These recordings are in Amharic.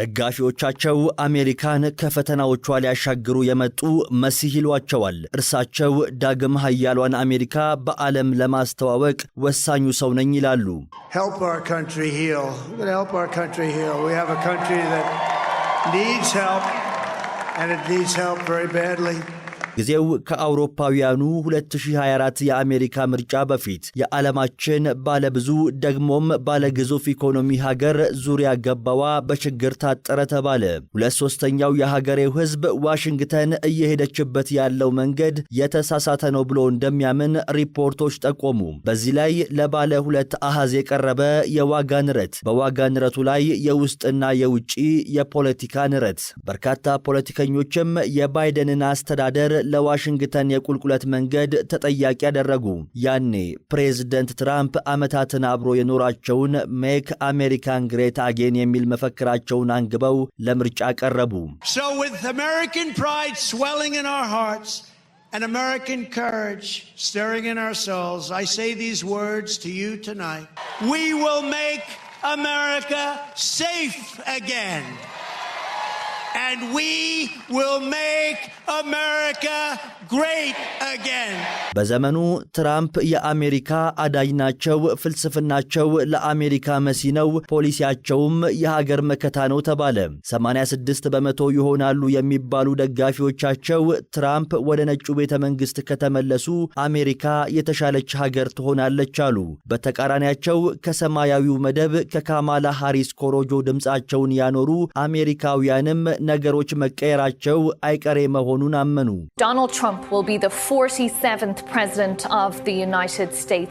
ደጋፊዎቻቸው አሜሪካን ከፈተናዎቿ ሊያሻግሩ የመጡ መሲህ ይሏቸዋል። እርሳቸው ዳግም ሀያሏን አሜሪካ በዓለም ለማስተዋወቅ ወሳኙ ሰው ነኝ ይላሉ። help ጊዜው ከአውሮፓውያኑ 2024 የአሜሪካ ምርጫ በፊት የዓለማችን ባለብዙ ደግሞም ባለግዙፍ ኢኮኖሚ ሀገር ዙሪያ ገባዋ በችግር ታጠረ ተባለ። ሁለት ሶስተኛው የሀገሬው ህዝብ ዋሽንግተን እየሄደችበት ያለው መንገድ የተሳሳተ ነው ብሎ እንደሚያምን ሪፖርቶች ጠቆሙ። በዚህ ላይ ለባለ ሁለት አሃዝ የቀረበ የዋጋ ንረት፣ በዋጋ ንረቱ ላይ የውስጥና የውጭ የፖለቲካ ንረት። በርካታ ፖለቲከኞችም የባይደንን አስተዳደር ለዋሽንግተን የቁልቁለት መንገድ ተጠያቂ ያደረጉ። ያኔ ፕሬዝደንት ትራምፕ ዓመታትን አብሮ የኖራቸውን ሜክ አሜሪካን ግሬት አጌን የሚል መፈክራቸውን አንግበው ለምርጫ ቀረቡ። አሜሪካ ሴፍ አጌን and we will make America great again. በዘመኑ ትራምፕ የአሜሪካ አዳኝ ናቸው፣ ፍልስፍናቸው ለአሜሪካ መሲ ነው፣ ፖሊሲያቸውም የሀገር መከታ ነው ተባለ። 86 በመቶ ይሆናሉ የሚባሉ ደጋፊዎቻቸው ትራምፕ ወደ ነጩ ቤተ መንግስት ከተመለሱ አሜሪካ የተሻለች ሀገር ትሆናለች አሉ። በተቃራኒያቸው ከሰማያዊው መደብ ከካማላ ሃሪስ ኮሮጆ ድምፃቸውን ያኖሩ አሜሪካውያንም ነገሮች መቀየራቸው አይቀሬ መሆኑን አመኑ።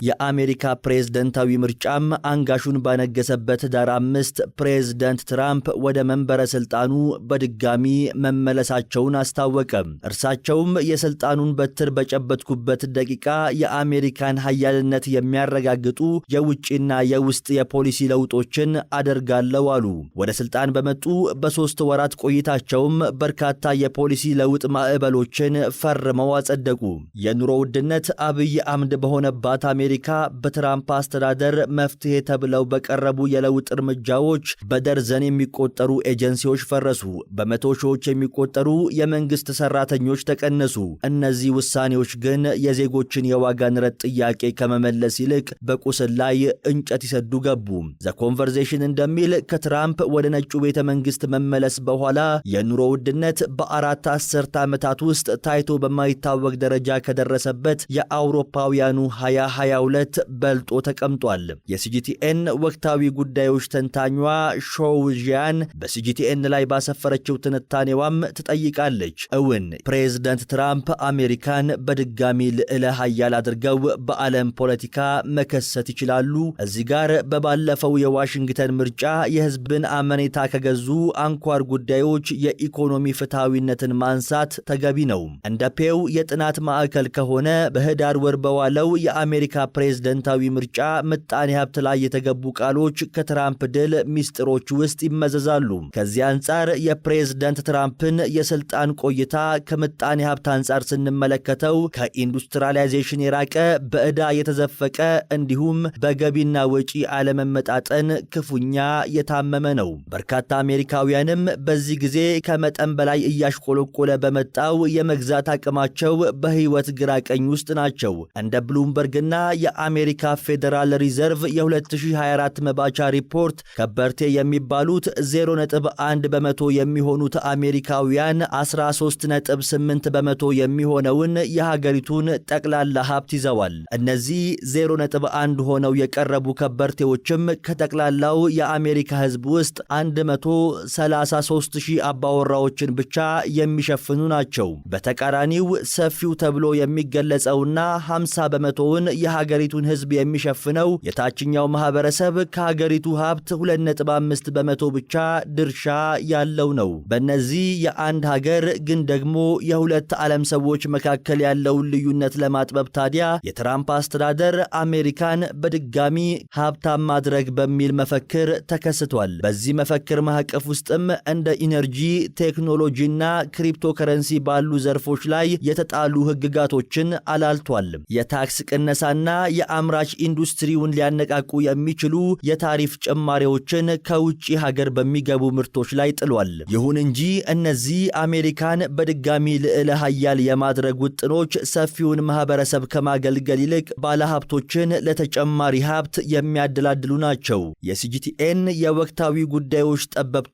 የአሜሪካ ፕሬዝደንታዊ ምርጫም አንጋሹን ባነገሰበት ዳር አምስት ፕሬዝደንት ትራምፕ ወደ መንበረ ስልጣኑ በድጋሚ መመለሳቸውን አስታወቀም። እርሳቸውም የስልጣኑን በትር በጨበጥኩበት ደቂቃ የአሜሪካን ሀያልነት የሚያረጋግጡ የውጭና የውስጥ የፖሊሲ ለውጦችን አደርጋለሁ አሉ። ወደ ስልጣን በመጡ በሶስት ወራት ቆይ በውይይታቸውም በርካታ የፖሊሲ ለውጥ ማዕበሎችን ፈርመው አጸደቁ። የኑሮ ውድነት አብይ አምድ በሆነባት አሜሪካ በትራምፕ አስተዳደር መፍትሄ ተብለው በቀረቡ የለውጥ እርምጃዎች በደርዘን የሚቆጠሩ ኤጀንሲዎች ፈረሱ። በመቶ ሺዎች የሚቆጠሩ የመንግስት ሰራተኞች ተቀነሱ። እነዚህ ውሳኔዎች ግን የዜጎችን የዋጋ ንረት ጥያቄ ከመመለስ ይልቅ በቁስል ላይ እንጨት ይሰዱ ገቡ። ዘ እንደሚል ከትራምፕ ወደ ነጩ ቤተ መንግስት መመለስ በኋላ የኑሮ ውድነት በአራት አስርት ዓመታት ውስጥ ታይቶ በማይታወቅ ደረጃ ከደረሰበት የአውሮፓውያኑ 2022 በልጦ ተቀምጧል። የሲጂቲኤን ወቅታዊ ጉዳዮች ተንታኟ ሾውዣን በሲጂቲኤን ላይ ባሰፈረችው ትንታኔዋም ትጠይቃለች። እውን ፕሬዝደንት ትራምፕ አሜሪካን በድጋሚ ልዕለ ሀያል አድርገው በዓለም ፖለቲካ መከሰት ይችላሉ? እዚህ ጋር በባለፈው የዋሽንግተን ምርጫ የህዝብን አመኔታ ከገዙ አንኳር ጉዳዮች ሀገሮች የኢኮኖሚ ፍትሐዊነትን ማንሳት ተገቢ ነው። እንደ ፔው የጥናት ማዕከል ከሆነ በህዳር ወር በዋለው የአሜሪካ ፕሬዝደንታዊ ምርጫ ምጣኔ ሀብት ላይ የተገቡ ቃሎች ከትራምፕ ድል ሚስጥሮች ውስጥ ይመዘዛሉ። ከዚህ አንጻር የፕሬዝደንት ትራምፕን የስልጣን ቆይታ ከምጣኔ ሀብት አንጻር ስንመለከተው ከኢንዱስትሪላይዜሽን የራቀ በዕዳ የተዘፈቀ እንዲሁም በገቢና ወጪ አለመመጣጠን ክፉኛ የታመመ ነው። በርካታ አሜሪካውያንም በዚህ ጊዜ ጊዜ ከመጠን በላይ እያሽቆለቆለ በመጣው የመግዛት አቅማቸው በህይወት ቀኝ ውስጥ ናቸው። እንደ ብሉምበርግና የአሜሪካ ፌዴራል ሪዘርቭ የ2024 መባቻ ሪፖርት ከበርቴ የሚባሉት 0.1 በመቶ የሚሆኑት አሜሪካውያን 13.8 በመቶ የሚሆነውን የሀገሪቱን ጠቅላላ ሀብት ይዘዋል። እነዚህ 0.1 ሆነው የቀረቡ ከበርቴዎችም ከጠቅላላው የአሜሪካ ህዝብ ውስጥ 133 አባወራዎችን ብቻ የሚሸፍኑ ናቸው። በተቃራኒው ሰፊው ተብሎ የሚገለጸውና 50 በመቶውን የሀገሪቱን ሕዝብ የሚሸፍነው የታችኛው ማህበረሰብ ከሀገሪቱ ሀብት 2.5 በመቶ ብቻ ድርሻ ያለው ነው። በእነዚህ የአንድ ሀገር ግን ደግሞ የሁለት ዓለም ሰዎች መካከል ያለውን ልዩነት ለማጥበብ ታዲያ የትራምፕ አስተዳደር አሜሪካን በድጋሚ ሀብታም ማድረግ በሚል መፈክር ተከስቷል። በዚህ መፈክር ማዕቀፍ ውስጥም እንደ ኢነ ኢነርጂ ቴክኖሎጂና ክሪፕቶ ከረንሲ ባሉ ዘርፎች ላይ የተጣሉ ህግጋቶችን አላልቷል። የታክስ ቅነሳና የአምራች ኢንዱስትሪውን ሊያነቃቁ የሚችሉ የታሪፍ ጭማሪዎችን ከውጭ ሀገር በሚገቡ ምርቶች ላይ ጥሏል። ይሁን እንጂ እነዚህ አሜሪካን በድጋሚ ልዕለ ሀያል የማድረግ ውጥኖች ሰፊውን ማህበረሰብ ከማገልገል ይልቅ ባለሀብቶችን ለተጨማሪ ሀብት የሚያደላድሉ ናቸው። የሲጂቲኤን የወቅታዊ ጉዳዮች ጠበብቷ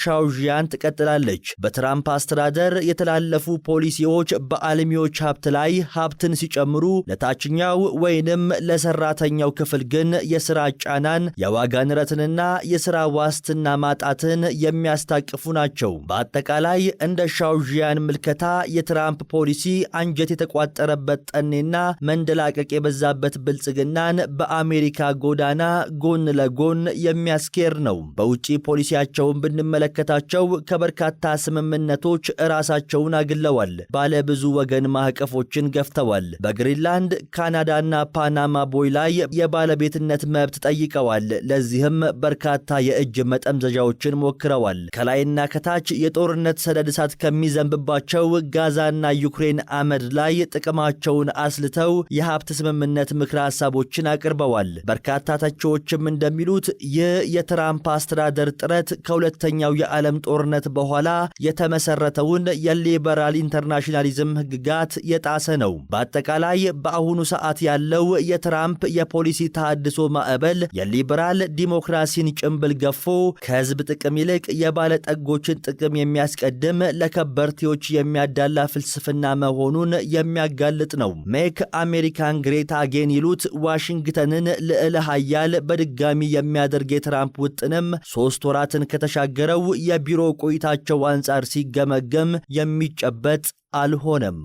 ሻውዣን ትቀጥላለች። በትራምፕ አስተዳደር የተላለፉ ፖሊሲዎች በአልሚዎች ሀብት ላይ ሀብትን ሲጨምሩ፣ ለታችኛው ወይንም ለሰራተኛው ክፍል ግን የስራ ጫናን፣ የዋጋ ንረትንና የስራ ዋስትና ማጣትን የሚያስታቅፉ ናቸው። በአጠቃላይ እንደ ሻውዢያን ምልከታ የትራምፕ ፖሊሲ አንጀት የተቋጠረበት ጠኔና መንደላቀቅ የበዛበት ብልጽግናን በአሜሪካ ጎዳና ጎን ለጎን የሚያስኬር ነው። በውጭ ፖሊሲያቸውን ብንመለከታቸው ከበርካታ ስምምነቶች ራሳቸውን አግለዋል። ባለ ብዙ ወገን ማዕቀፎችን ገፍተዋል። በግሪንላንድ ካናዳና ፓናማ ቦይ ላይ የባለቤትነት መብት ጠይቀዋል። ለዚህም በርካታ የእጅ መጠምዘዣዎችን ሞክረዋል። ከላይና ከታች የጦርነት ሰደድ እሳት ከሚዘንብባቸው ጋዛና ዩክሬን አመድ ላይ ጥቅማቸውን አስልተው የሀብት ስምምነት ምክረ ሀሳቦችን አቅርበዋል። በርካታ ተቺዎችም እንደሚሉት ይህ የትራምፕ አስተዳደር ጥረት ከሁለተኛው የዓለም ጦርነት ጦርነት በኋላ የተመሰረተውን የሊበራል ኢንተርናሽናሊዝም ህግጋት የጣሰ ነው። በአጠቃላይ በአሁኑ ሰዓት ያለው የትራምፕ የፖሊሲ ተሃድሶ ማዕበል የሊበራል ዲሞክራሲን ጭንብል ገፎ ከህዝብ ጥቅም ይልቅ የባለጠጎችን ጥቅም የሚያስቀድም ለከበርቴዎች የሚያዳላ ፍልስፍና መሆኑን የሚያጋልጥ ነው። ሜክ አሜሪካን ግሬት አጌን ይሉት ዋሽንግተንን ልዕለ ሀያል በድጋሚ የሚያደርግ የትራምፕ ውጥንም ሶስት ወራትን ከተሻገረው የቢሮ ቆይታቸው አንጻር ሲገመገም የሚጨበጥ አልሆነም።